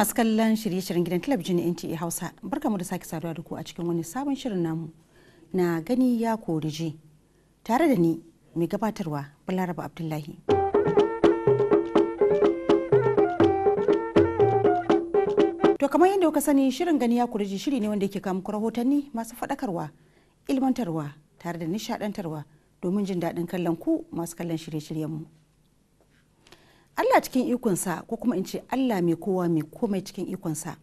masu kallon shirye-shiryen gidan talabijin na NTA Hausa, mu da sake saduwa da ku a cikin wani sabon shirin namu na gani ya korije. Tare da ni mai gabatarwa Balaraba Abdullahi. To kamar yadda kuka sani shirin gani ya korije shiri ne wanda yake kama muku rahotanni masu faɗakarwa, ilmantarwa tare da nishaɗantarwa domin jin daɗin kallon ku masu kallon shirye shiryen mu. Allah cikin ikonsa ko kuma in ce Allah mai kowa mai komai cikin ikonsa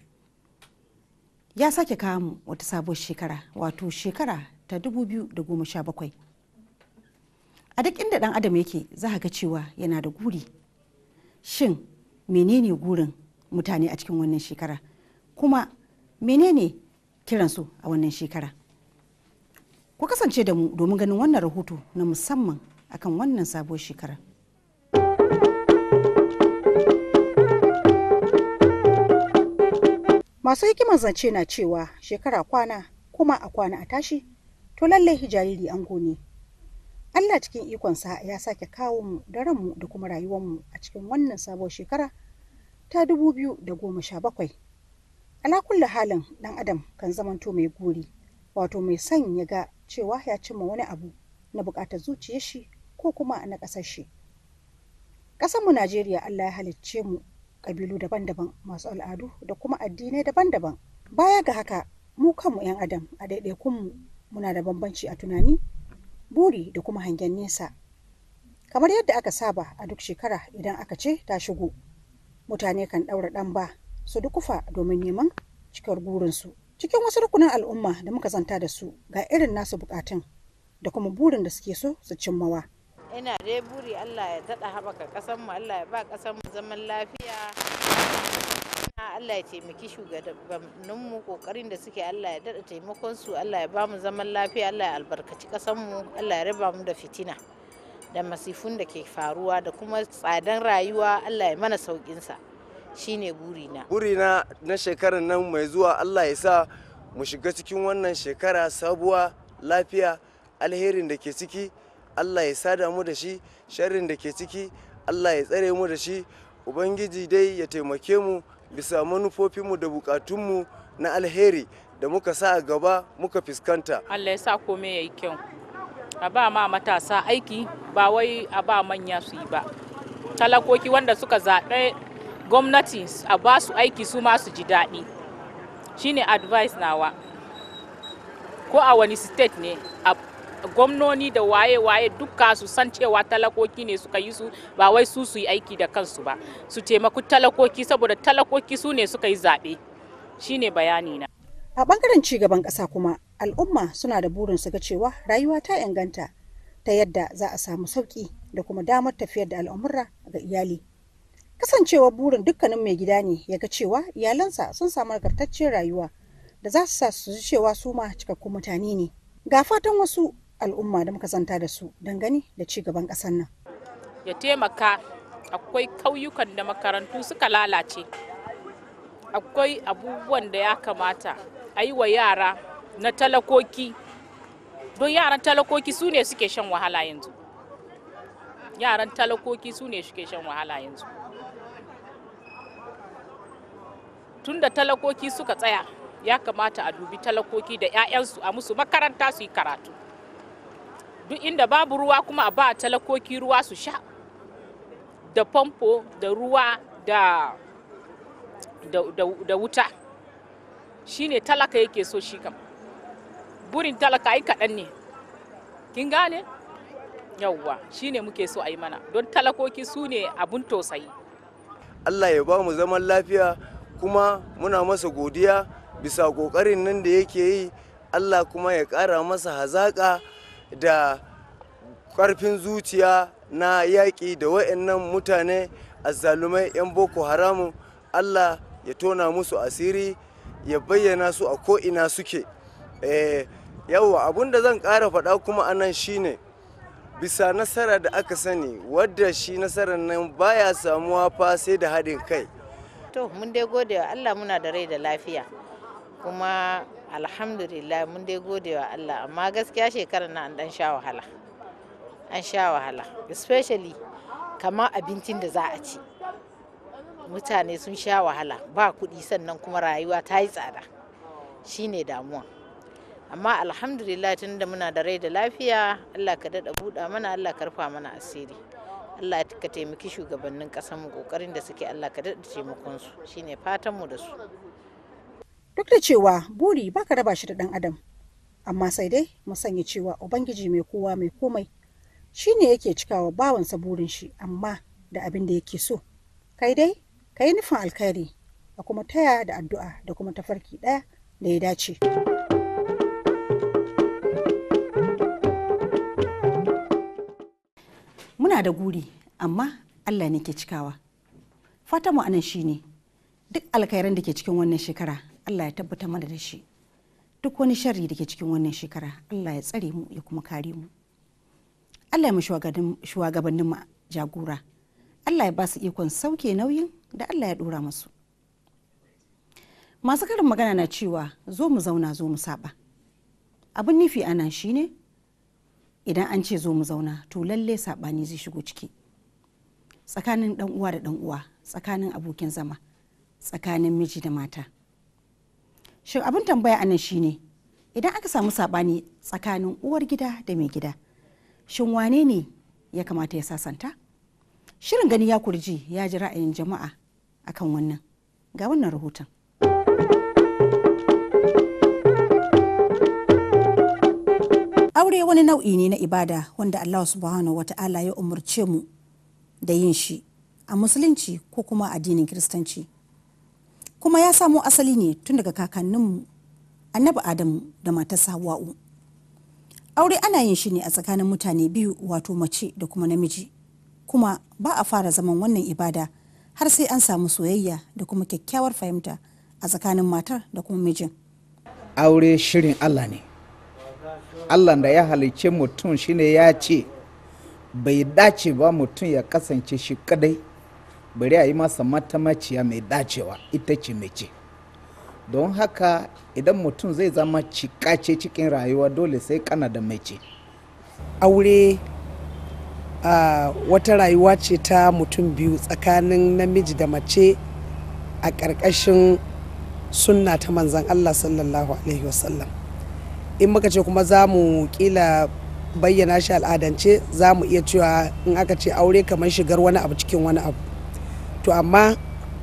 ya sake kawo mu wata sabuwar shekara wato shekara ta 2017 a duk inda dan adam yake za ga cewa yana da guri shin menene gurin mutane a cikin wannan shekara kuma menene kiransu a wannan shekara ku kasance da mu domin ganin wannan rahoto na musamman akan wannan sabuwar shekara masu hikimar zance na cewa shekara kwana kuma a kwana a tashi to lalle jariri an gone Allah cikin ikonsa ya sake kawo mu da ranmu da kuma rayuwarmu a cikin wannan sabuwar shekara ta dubu biyu da goma sha bakwai. ala halin dan adam kan zamanto mai gori, wato mai son ya ga cewa ya cimma wani abu na bukatar zuciyar shi ko kuma na ƙasar shi. Ƙasarmu Najeriya Allah ya halicce mu kabilu daban-daban masu al'adu da kuma addinai daban-daban baya ga haka mu kanmu 'yan adam a mu muna da bambanci a tunani buri da kuma hangen nesa kamar yadda aka saba a duk shekara idan aka ce ta shigo mutane kan ɗaura ɗan ba su dukufa domin neman cikar burinsu cikin wasu rukunin al'umma da muka zanta da su ga irin nasu bukatun da kuma burin da suke so su cimmawa ina dai buri Allah ya daɗa haɓaka ƙasar mu Allah ya ba ƙasar mu zaman lafiya Allah ya taimaki shugabannin mu kokarin da suke Allah ya daɗa taimakon su Allah ya ba mu zaman lafiya Allah ya albarkaci ƙasar mu Allah ya raba mu da fitina da masifun da ke faruwa da kuma tsadan rayuwa Allah ya mana saukin sa shine burina burina na shekarar nan mai zuwa Allah ya sa mu shiga cikin wannan shekara sabuwa lafiya alherin da ke ciki Allah ya sada mu da shi sharrin da ke ciki Allah ya tsare mu da shi ubangiji dai ya taimake mu bisa manufofinmu da bukatunmu na alheri da muka sa a gaba muka fuskanta Allah ya sa komai ya yi kyau a ba ma matasa aiki ba wai a ba manya su yi ba talakoki wanda suka zaɓe gwamnati a ba su aiki su ma su ji daɗi shine advice nawa ko a wani state ne gwamnoni da waye-waye duka su san cewa talakoki ne suka yi su ba wai su su yi aiki da kansu ba su taimaku talakoki saboda talakoki su ne suka yi zaɓe shine bayani na a bangaren cigaban ƙasa kuma al'umma suna da burin su ga cewa rayuwa ta inganta ta yadda za a samu sauƙi da kuma damar tafiyar da al'amura ga iyali kasancewar burin dukkanin mai gida ne ya ga cewa iyalansa sun samu nagartaccen rayuwa da za su sa su cewa su ma cikakkun mutane ne ga fatan wasu al'umma da muka zanta da su dangane da ci gaban ƙasar nan. Ya taimaka akwai ƙauyukan da makarantu suka lalace. Akwai abubuwan da ya kamata a yi wa yara na talakoki don yaran talakoki su ne suke shan wahala yanzu. Yaran talakoki su ne suke shan wahala yanzu. Tun da talakoki suka tsaya ya kamata a dubi talakoki da 'ya'yansu a musu makaranta su yi karatu. duk inda babu ruwa kuma a ba talakoki ruwa su sha da famfo da ruwa da da, da, da wuta shi ne talaka yake so shi kam burin talaka ai kaɗan ne kin gane yauwa shi muke so a yi mana don talakoki su ne abun tausayi allah ya ba mu zaman lafiya kuma muna masa godiya bisa ƙoƙarin nan da yake yi allah kuma ya ƙara masa hazaƙa da ƙarfin zuciya na yaƙi da wa'annan mutane azzalumai 'yan boko haramu allah ya tona musu asiri ya bayyana su a ko'ina suke eh, yawwa abun da zan ƙara faɗa kuma a anan shine bisa nasara da aka sani wadda shi nasarar nan baya samuwa fa sai da haɗin kai to mun dai gode allah muna da rai da lafiya kuma alhamdulillah mun dai gode wa Allah amma gaskiya shekarar na an dan sha wahala an sha wahala especially kama abincin da za a ci mutane sun sha wahala ba kuɗi sannan kuma rayuwa ta yi tsada shine damuwa amma alhamdulillah tun da muna da rai da lafiya Allah ka daɗa buɗa mana Allah ka rufa mana asiri Allah ka taimaki shugabannin ƙasar mu ƙoƙarin da suke Allah ka daɗa taimakonsu shine fatanmu da su duk da cewa buri baka raba shi da ɗan adam amma sai dai mu sanya cewa ubangiji mai kowa mai komai shi ne yake cikawa bawansa burin shi amma da abin da yake so kai dai ka yi nufin alkhairi a kuma taya da addu'a da kuma tafarki ɗaya da ya dace. muna da guri amma Allah ne ke cikawa fatanmu anan shine duk alkhairan da ke cikin wannan shekara Allah ya tabbata mana da shi duk wani sharri da ke cikin wannan shekara Allah ya tsare mu ya kuma kare mu Allah ya mu shugabannin jagora Allah ya ba su ikon sauke nauyin da Allah ya dora musu masu karin magana na cewa zo mu zauna zo mu saba abin nufi ana ne idan an ce zo mu zauna to lalle sabani zai shigo ciki tsakanin dan uwa da dan uwa tsakanin abokin zama tsakanin miji da mata shin abin tambaya a anan shine idan aka samu saɓani tsakanin uwar gida da mai gida shin wane ne ya kamata ya sasanta shirin gani ya kurji ya ji ra'ayin jama'a akan wannan ga wannan rahoton aure wani nau'i ne na ibada wanda allah subhanahu ta'ala ya umarce mu da yin shi a musulunci ko kuma addinin kiristanci kuma ya samo asali ne tun daga kakanninmu annabi adamu da matarsa wa'u aure ana yin shi ne a tsakanin mutane biyu wato mace da kuma namiji kuma ba a fara zaman wannan ibada har sai an samu soyayya da kuma kyakkyawar fahimta a tsakanin matar da kuma mijin aure shirin allah ne allah da ya halicce mutum shine ya ce bai dace ba mutum ya kasance shi kadai bari a yi masa maciya mai dacewa ita ce mace don haka idan mutum zai zama cikace cikin rayuwa dole sai kana da mace aure wata rayuwa ce ta mutum biyu tsakanin namiji da mace a ƙarƙashin sunna ta manzan allah sallallahu alaihi wasallam in muka ce kuma za mu kila bayyana shi al'adance za mu iya cewa in aka ce aure kamar shigar wani abu cikin wani abu to amma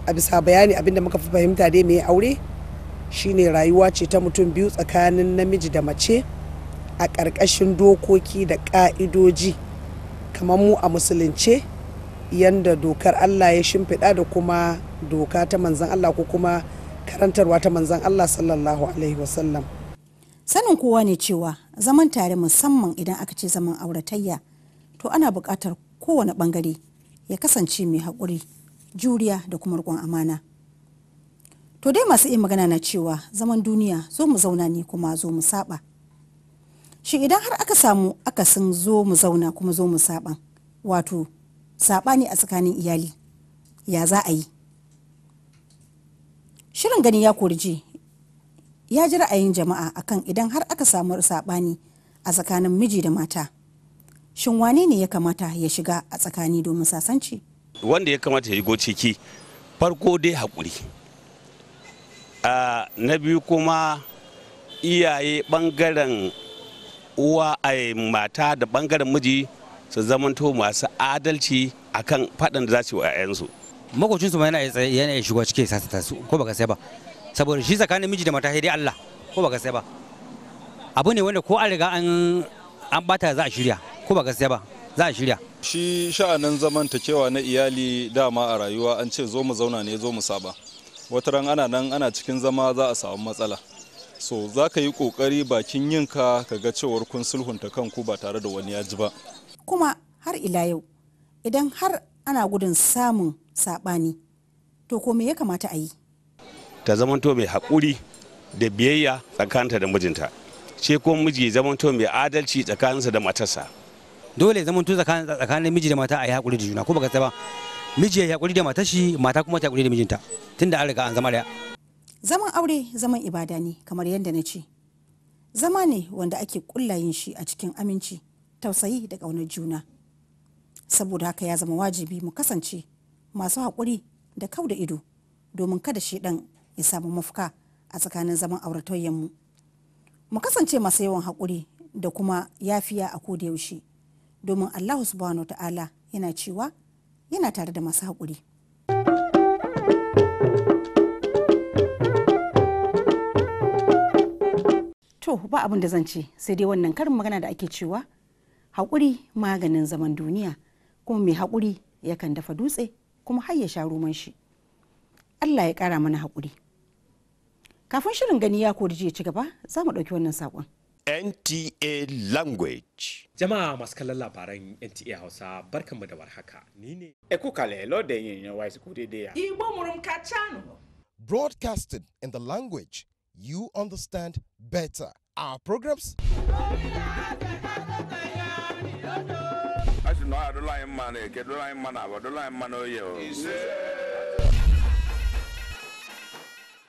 a bisa bayani abinda muka fi fahimta dai mai aure shine rayuwa ce ta mutum biyu tsakanin namiji da mace a ƙarƙashin dokoki da ƙa'idoji kamar mu a musulunce yadda dokar allah ya shimfiɗa da kuma doka ta manzan allah ko kuma karantarwa ta manzan allah sallallahu alaihi wasallam sanin kowa ne cewa zaman tare musamman idan aka ce zaman auratayya to ana buƙatar kowane ɓangare ya kasance mai haƙuri juriya da kuma riƙon amana to dai masu iya magana na cewa zaman duniya zo mu zauna ne kuma zo mu saba shi idan har aka samu akasin zo mu zauna kuma zo mu saba wato ne a tsakanin iyali ya za a yi shirin gani ya korje ya ji ra'ayin jama'a akan idan har aka samu saɓani a tsakanin miji da mata shin wane ne ya kamata ya shiga a tsakani domin sasanci wanda ya kamata ya goce ki farko dai haƙuri na biyu kuma iyaye ɓangaren uwa a mata da ɓangaren miji su zamanto masu adalci akan faɗin da za su yi wa 'ya'yansu makocinsu ma yana ya shigo cikin ya ta su ko baka sai ba saboda shi tsakanin miji da mata sai dai Allah ko baka sai ba abu ne wanda ko an riga an bata za a shirya ko baka sai ba za a shirya shi sha'anin zamantakewa na iyali dama a rayuwa an ce zo mu zauna ne zo mu saba wata ran ana nan ana cikin zama za a samu matsala so za ka yi kokari bakin yinka ka ga cewar kun sulhunta kanku ba tare da wani ya ji ba kuma har ila yau idan har ana gudun samun saɓani to ko me ya kamata a yi ta zamanto mai haƙuri da biyayya tsakanta da mijinta ce ko miji zamanto mai adalci tsakaninsa da matarsa dole zama tun tsakanin miji da mata a yi hakuri da juna ko baka ba miji ya hakuri da mata shi mata kuma ta hakuri da mijinta tunda an riga an zama da zaman aure zaman ibada ne kamar yadda na ce zama ne wanda ake kulla yin shi a cikin aminci tausayi da ƙaunar juna saboda haka ya zama wajibi mu kasance masu haƙuri da kau da ido domin kada shi ɗan ya samu mafuka a tsakanin zaman auratayyanmu mu mu kasance masu yawan haƙuri da kuma yafiya a koda yaushe domin allahu subhanahu ta'ala yana cewa yana tare da masu haƙuri to ba abin da zan ce sai dai wannan karin magana da ake cewa haƙuri maganin zaman duniya kuma mai haƙuri yakan dafa dutse kuma har ya sha ruman shi allah ya ƙara mana haƙuri kafin shirin gani ya kodi, ya ci gaba za mu ɗauki wannan saƙon. NTA language. Jama'a masu NTA Hausa barkanmu da warhaka. Ni ne. kale lo da yin yin Igbo murum Broadcasted in the language you understand better. Our programs.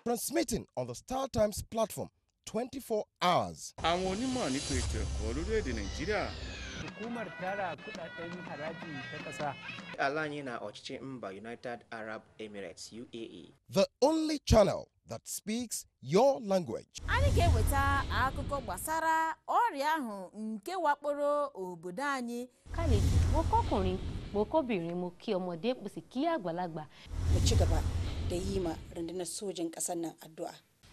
Transmitting on the Star Times platform 24 hours. àwọn onímọ̀ nípa ètò ẹ̀kọ́ lórílẹ̀‐èdè nàìjíríà. hukumar tara kudaden haraji ta ƙasa. alanyi na ọchịchị mba united arab emirates uae. the only channel that speaks your language. anyị ga-eweta akụkọ gbasara ọrịa ahụ nke wakporo obodo anyị. khalid mo kọkùnrin mo kọbìnrin mo kí ọmọdé mo sì kí àgbàlagbà. mo ci gaba da yi ma rundunar sojin ƙasar nan addu'a.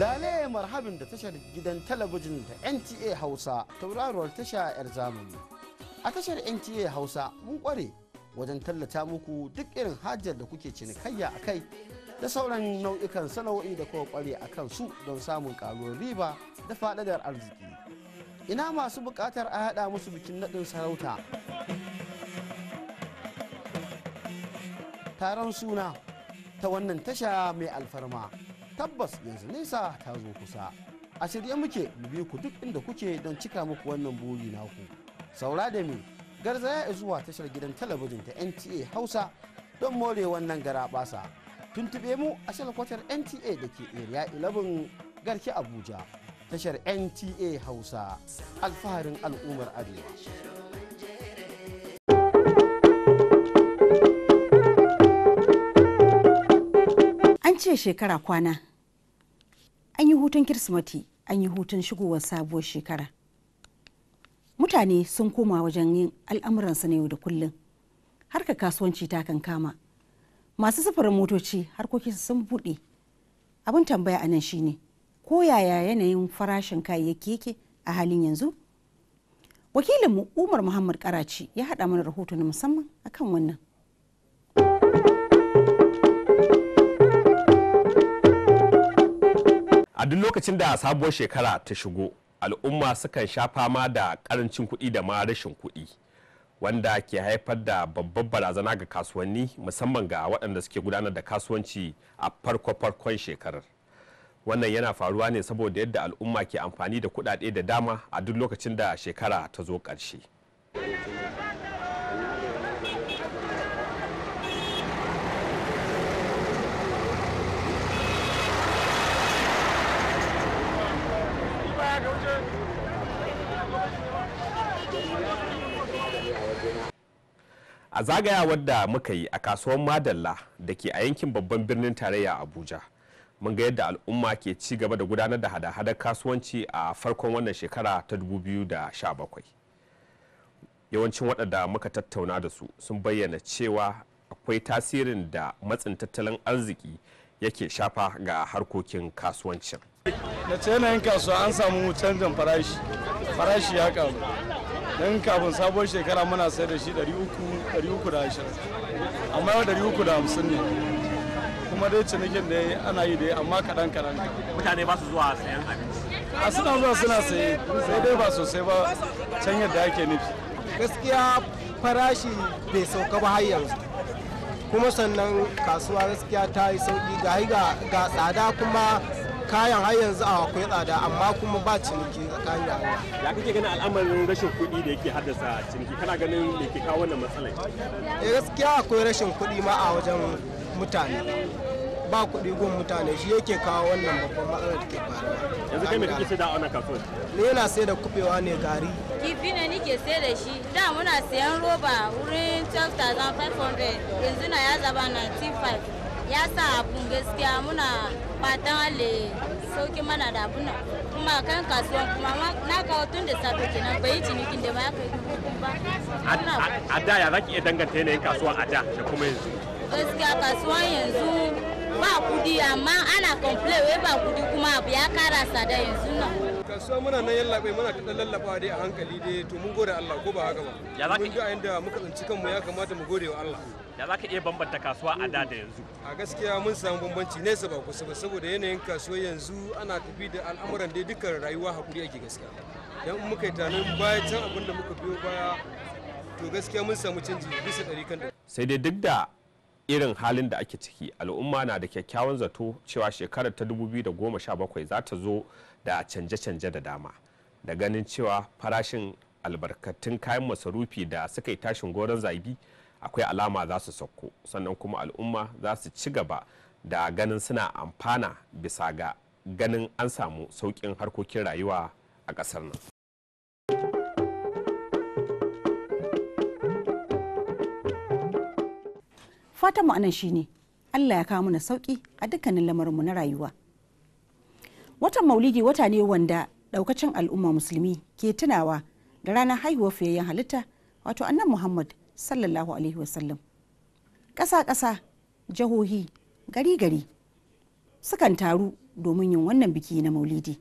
Lale marhabin da tashar gidan talabijin ta NTA Hausa tauraruwar tasha 'yar zamani. A tashar NTA Hausa mun kware wajen tallata muku duk irin hajjar da kuke cinikayya a kai da sauran nau'ikan sana'o'i da kuma kware a kan su don samun karuwar riba da faɗaɗar arziki. Ina masu buƙatar a haɗa musu bikin naɗin sarauta. Taron suna ta wannan tasha mai alfarma. tabbas yanzu nesa ta zo kusa a shirye muke mu bi ku duk inda kuke don cika muku wannan buri naku saura da garza ya zuwa tashar gidan talabijin ta nta hausa don more wannan gara basa tuntube mu a shalkwatar nta da ke area 11 garki abuja tashar nta hausa alfaharin al'ummar arewa an ce shekara kwana an yi hutun kirsimati an yi hutun shigowar sabuwar shekara mutane sun koma wajen yin al'amuransu na yau da kullum harka kasuwanci ta kankama masu sufurin motoci harkoki sun buɗe abin tambaya a nan shine ko yaya yanayin farashin kayayyaki yake a halin yanzu wakilinmu umar muhammad karaci ya haɗa mana rahoto na musamman akan wannan duk lokacin da sabuwar shekara ta shigo al'umma sukan sha fama da karancin kuɗi da ma rashin kuɗi wanda ke haifar da babbar barazana ga kasuwanni musamman ga waɗanda suke gudanar da kasuwanci a farko-farkon shekarar wannan yana faruwa ne saboda yadda al'umma ke amfani da kuɗaɗe da dama a duk lokacin da shekara ta zo ƙarshe. a zagaya wadda muka yi a kasuwar madalla da ke a yankin babban birnin tarayya abuja mun ga yadda al'umma ke ci gaba da gudanar da hada-hadar kasuwanci a farkon wannan shekara ta 2017 yawancin waɗanda muka tattauna da su sun bayyana cewa akwai tasirin da matsin tattalin arziki yake shafa ga harkokin kasuwancin da yanayin kasuwa an samu canjin farashi farashi ya karu don kafin sabuwar shekara muna sai da shi 320 amma yau 350 ne kuma dai cinikin da ana yi da amma kaɗan kaɗan mutane ba su zuwa sayan abinci a suna zuwa suna saye sai dai ba sosai ba can yadda ake nufi gaskiya farashi bai sauka ba har yanzu kuma sannan kasuwa gaskiya ta yi sauki ga ga tsada kuma kayan har yanzu a akwai tsada amma kuma ba ciniki tsakanin rayuwa ya kake ganin al'amarin rashin kuɗi da yake haddasa ciniki kana ganin me ke kawo wannan matsalar eh gaskiya akwai rashin kuɗi ma a wajen mutane ba kuɗi gun mutane shi yake kawo wannan babban matsalar da ke faruwa yanzu kai me kake sai da wannan kasuwar ni yana sai da kubewa ne gari kifi ne nike sai da shi da muna sayan roba wurin 12500 yanzu na ya zaba 95 ya sa abun gaskiya muna fatan alle sauki mana da abun nan kuma kan kasuwan kuma na kawo tun da safe kenan bai cinikin da ba ya kai ba a da ya zaki iya danganta yanayin kasuwa a da da kuma yanzu gaskiya kasuwan yanzu ba kudi amma ana complain wai ba kudi kuma abu ya kara sada yanzu nan kasuwa muna nan yallaɓe muna ta ɗan lallaɓa dai a hankali dai to mun gode Allah ko ba haka ba ya za ka mun ga inda muka tsinci kanmu ya kamata mu gode wa Allah ya za ka iya bambanta kasuwa a da da yanzu a gaskiya mun samu bambanci nesa ba kusa ba saboda yanayin kasuwa yanzu ana tafi da al'amuran dai dukkan rayuwa hakuri ake gaskiya dan in muka yi tanin baya can abin da muka biyo baya to gaskiya mun samu canji bisa ɗari kan sai dai duk da irin halin da ake ciki al'umma na da kyakkyawan zato cewa shekarar ta 2017 za ta zo da canje-canje da dama da ganin cewa farashin albarkatun kayan masarufi da suka yi tashin goron zagi akwai alama za su sauko sannan kuma al'umma za su ci gaba da ganin suna amfana bisa ga ganin an samu sauƙin harkokin rayuwa a ƙasar nan. fatan mu anan shine Allah ya kawo mana sauki a dukkanin mu na rayuwa watan maulidi wata ne wanda daukacin al'umma musulmi ke tunawa da ranar haihuwar fiyayyen halitta wato annan muhammad sallallahu alaihi wasallam ƙasa-ƙasa jihohi gari-gari sukan taru domin yin wannan biki na maulidi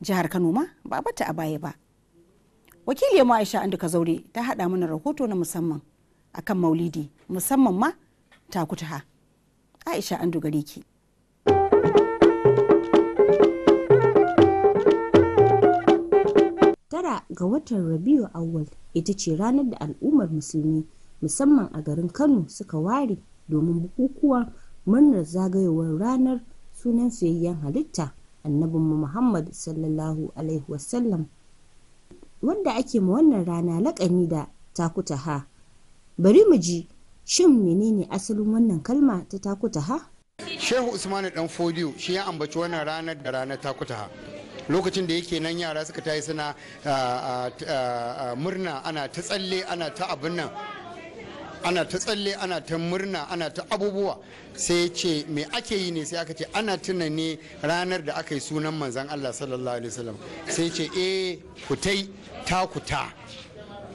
jihar kano ma ba bata a baya ba wakiliyar aisha andu kazaure ta haɗa mana rahoto na musamman akan maulidi musamman ma takuta aisha an dogare ki tara ga watan rabiu awwal ita ce ranar da al'ummar musulmi musamman a garin kano suka ware domin bukukuwa murnar zagayowar ranar sunan soyayyen halitta annabinmu muhammad sallallahu alaihi wasallam wanda ake ma wannan rana lakani da takuta ha bari mu ji shin menene asalin wannan kalma ta takuta ha shehu usmanu dan fodiyo shi ya ambaci wannan ranar da ranar takuta ha lokacin da yake nan yara suka tayi suna murna ana ta tsalle ana ta abin nan ana ta tsalle ana ta murna ana ta abubuwa sai ya ce me ake yi ne sai aka ce ana tuna ne ranar da aka yi sunan manzan Allah sallallahu alaihi wasallam sai ce eh kutai takuta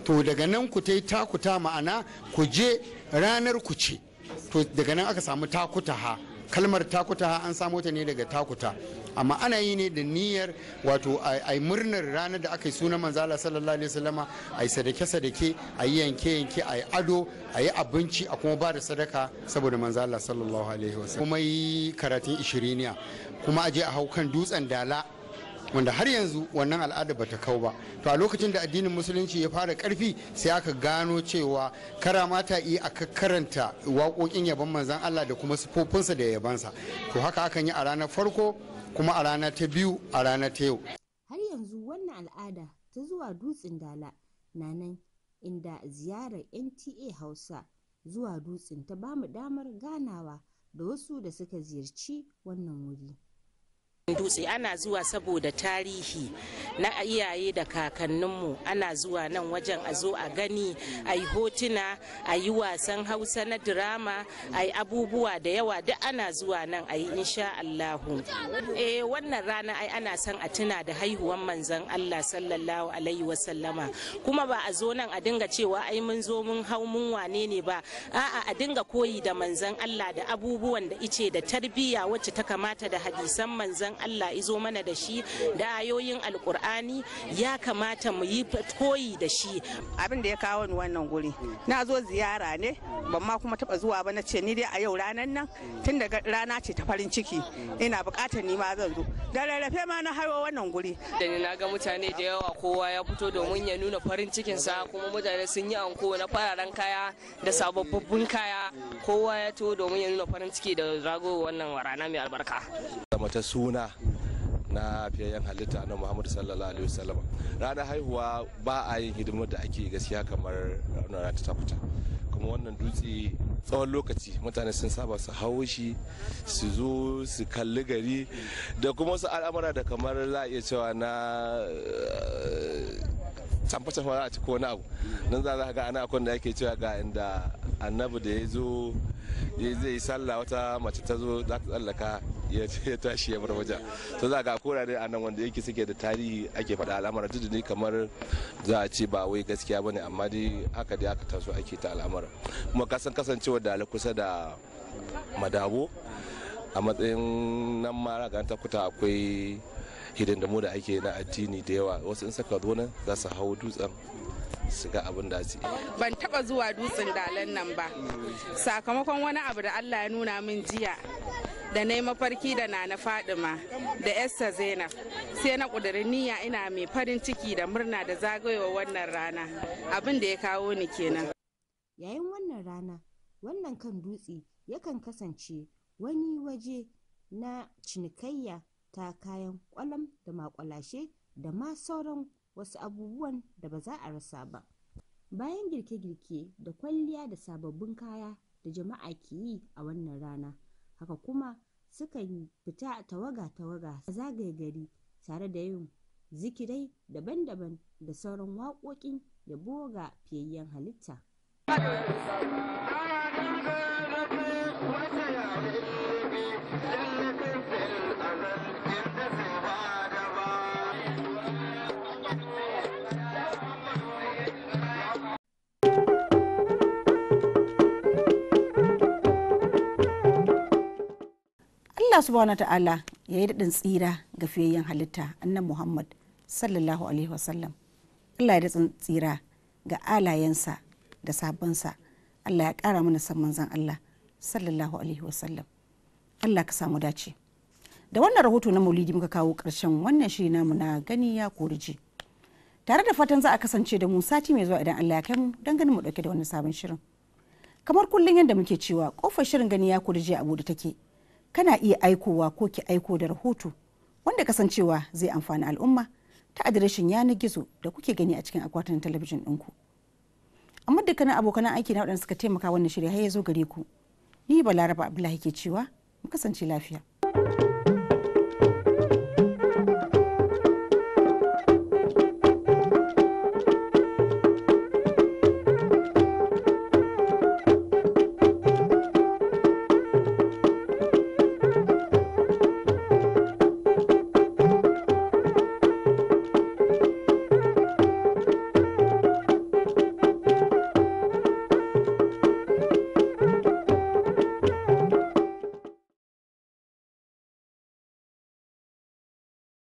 to daga nan kutai takuta ma'ana ku je ranar ku ce to daga nan aka samu ha kalmar ha an samu ta ne daga takuta amma ana yi ne da niyyar wato a yi murnar ranar da aka yi sunan manzala sallallahu alaihi wasallama a yi sadake sadake a yi yanke yanke a yi ado a yi abinci a kuma ba da sadaka saboda manzala sallallahu alaihi wasallama kuma yi karatun ishiriniya kuma a je a hau kan dutsen dala wanda har yanzu wannan al'ada bata kau ba to a lokacin da addinin musulunci ya fara karfi sai aka gano cewa kara mata yi aka karanta waƙoƙin yaban manzan Allah da kuma sufofinsa da yabansa to haka akan yi a ranar farko kuma a rana ta biyu a rana ta yau har yanzu wannan al'ada ta zuwa dutsen dala na nan inda ziyarar nta hausa zuwa dutsen ta bamu damar ganawa da wasu da suka ziyarci wannan wuri dutse ana zuwa saboda tarihi na iyaye da kakanninmu ana zuwa nan wajen a zo a gani a yi hotuna a yi wasan hausa na dirama a yi abubuwa da yawa duk ana zuwa nan a yi insha allahu eh wannan rana ai ana son a tuna da haihuwan manzan allah sallallahu alaihi wasallama kuma ba a zo nan a dinga cewa ai mun zo mun hau mun wane ne ba a'a a dinga koyi da manzan allah da abubuwan da ice da tarbiyya wacce ta kamata da hadisan manzan. Allah izo mana da shi da ayoyin alkur'ani ya kamata mu yi koyi da shi abin da ya kawo ni wannan guri na zo ziyara ne ban ma kuma taba zuwa ba na ce ni dai a yau ranar nan tun daga rana ce ta farin ciki ina bukatar ni ma zan zo da rarrafe ma na hawo wannan guri da ni na ga mutane da yawa kowa ya fito domin ya nuna farin cikinsa kuma mutane sun yi anko na fararen kaya da sababbin kaya kowa ya to domin ya nuna farin ciki da rago wannan rana mai albarka mata suna na fiyayyen halitta na muhammadu sallallahu alaihi wasallam ranar haihuwa ba a yin hidimar da ake gaskiya kamar ranar ta tafuta kuma wannan dutse tsawon lokaci mutane sun saba su hawo shi su zo su kalli gari da kuma wasu al'amura da kamar za a iya cewa na canfa canfa za a ci ko wani abu nan za a ga ana akwai da yake cewa ga inda annabi da ya zo zai yi sallah wata mace ta zo za ta tsallaka ya tashi ya bar waje to za ga korare a nan wanda yake suke da tarihi ake faɗa al'amara duk ne kamar za a ce ba wai gaskiya bane amma dai haka dai aka taso ake ta al'amara kuma kasan kasancewa da kusa da madabo a matsayin nan ma raga ta kuta akwai hidin da mu da ake na addini da yawa wasu in saka zo nan za su hau dutsen su ga abin da su ban taba zuwa dutsen dalan nan ba sakamakon wani abu da Allah ya nuna min jiya da na yi mafarki da na na fadima da esta zainab sai na kudurin niyya ina mai farin ciki da murna da zagayowa wannan rana abin da ya kawo ni kenan yayin wannan rana wannan kan dutse yakan kasance wani waje na cinikayya ta kayan kwalam da maƙulashe da ma sauran wasu abubuwan da ba za a rasa ba. Bayan girke-girke da kwalliya da sababbin kaya da jama'a ke yi a wannan rana, haka kuma sukan fita tawaga-tawaga a zagaye gari tare da yin zikirai daban-daban da sauran waƙoƙin yabo ga fiyayyen halitta. Allah subhanahu ta'ala ya yi daɗin tsira ga fiyayyen halitta annan Muhammad sallallahu alaihi wasallam Allah ya daɗin tsira ga alayensa da sabonsa Allah ya ƙara mana san manzan Allah sallallahu alaihi wasallam Allah ka samu dace da wannan rahoto na maulidi muka kawo ƙarshen wannan shiri namu na gani ya koriji tare da fatan za a kasance da mu sati mai zuwa idan Allah ya kai don ganin mu ɗauke da wani sabon shirin kamar kullum yadda muke cewa kofar shirin gani ya ji a bude take kana iya aikowa ko ki aiko da rahoto wanda kasancewa zai amfani al'umma ta adireshin yanar gizo da kuke gani a cikin akwatin talabijin ɗinku. amma dukkanin abokan aiki na waɗanda suka taimaka wannan shirya har ya zo gare ku ni balaraba abdullahi ke cewa mu kasance lafiya